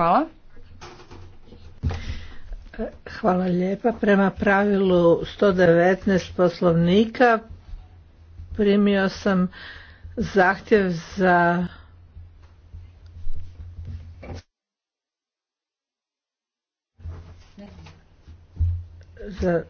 Hvala. Hvala lijepa. Prema pravilu 119 poslovnika primio sam zahtjev za za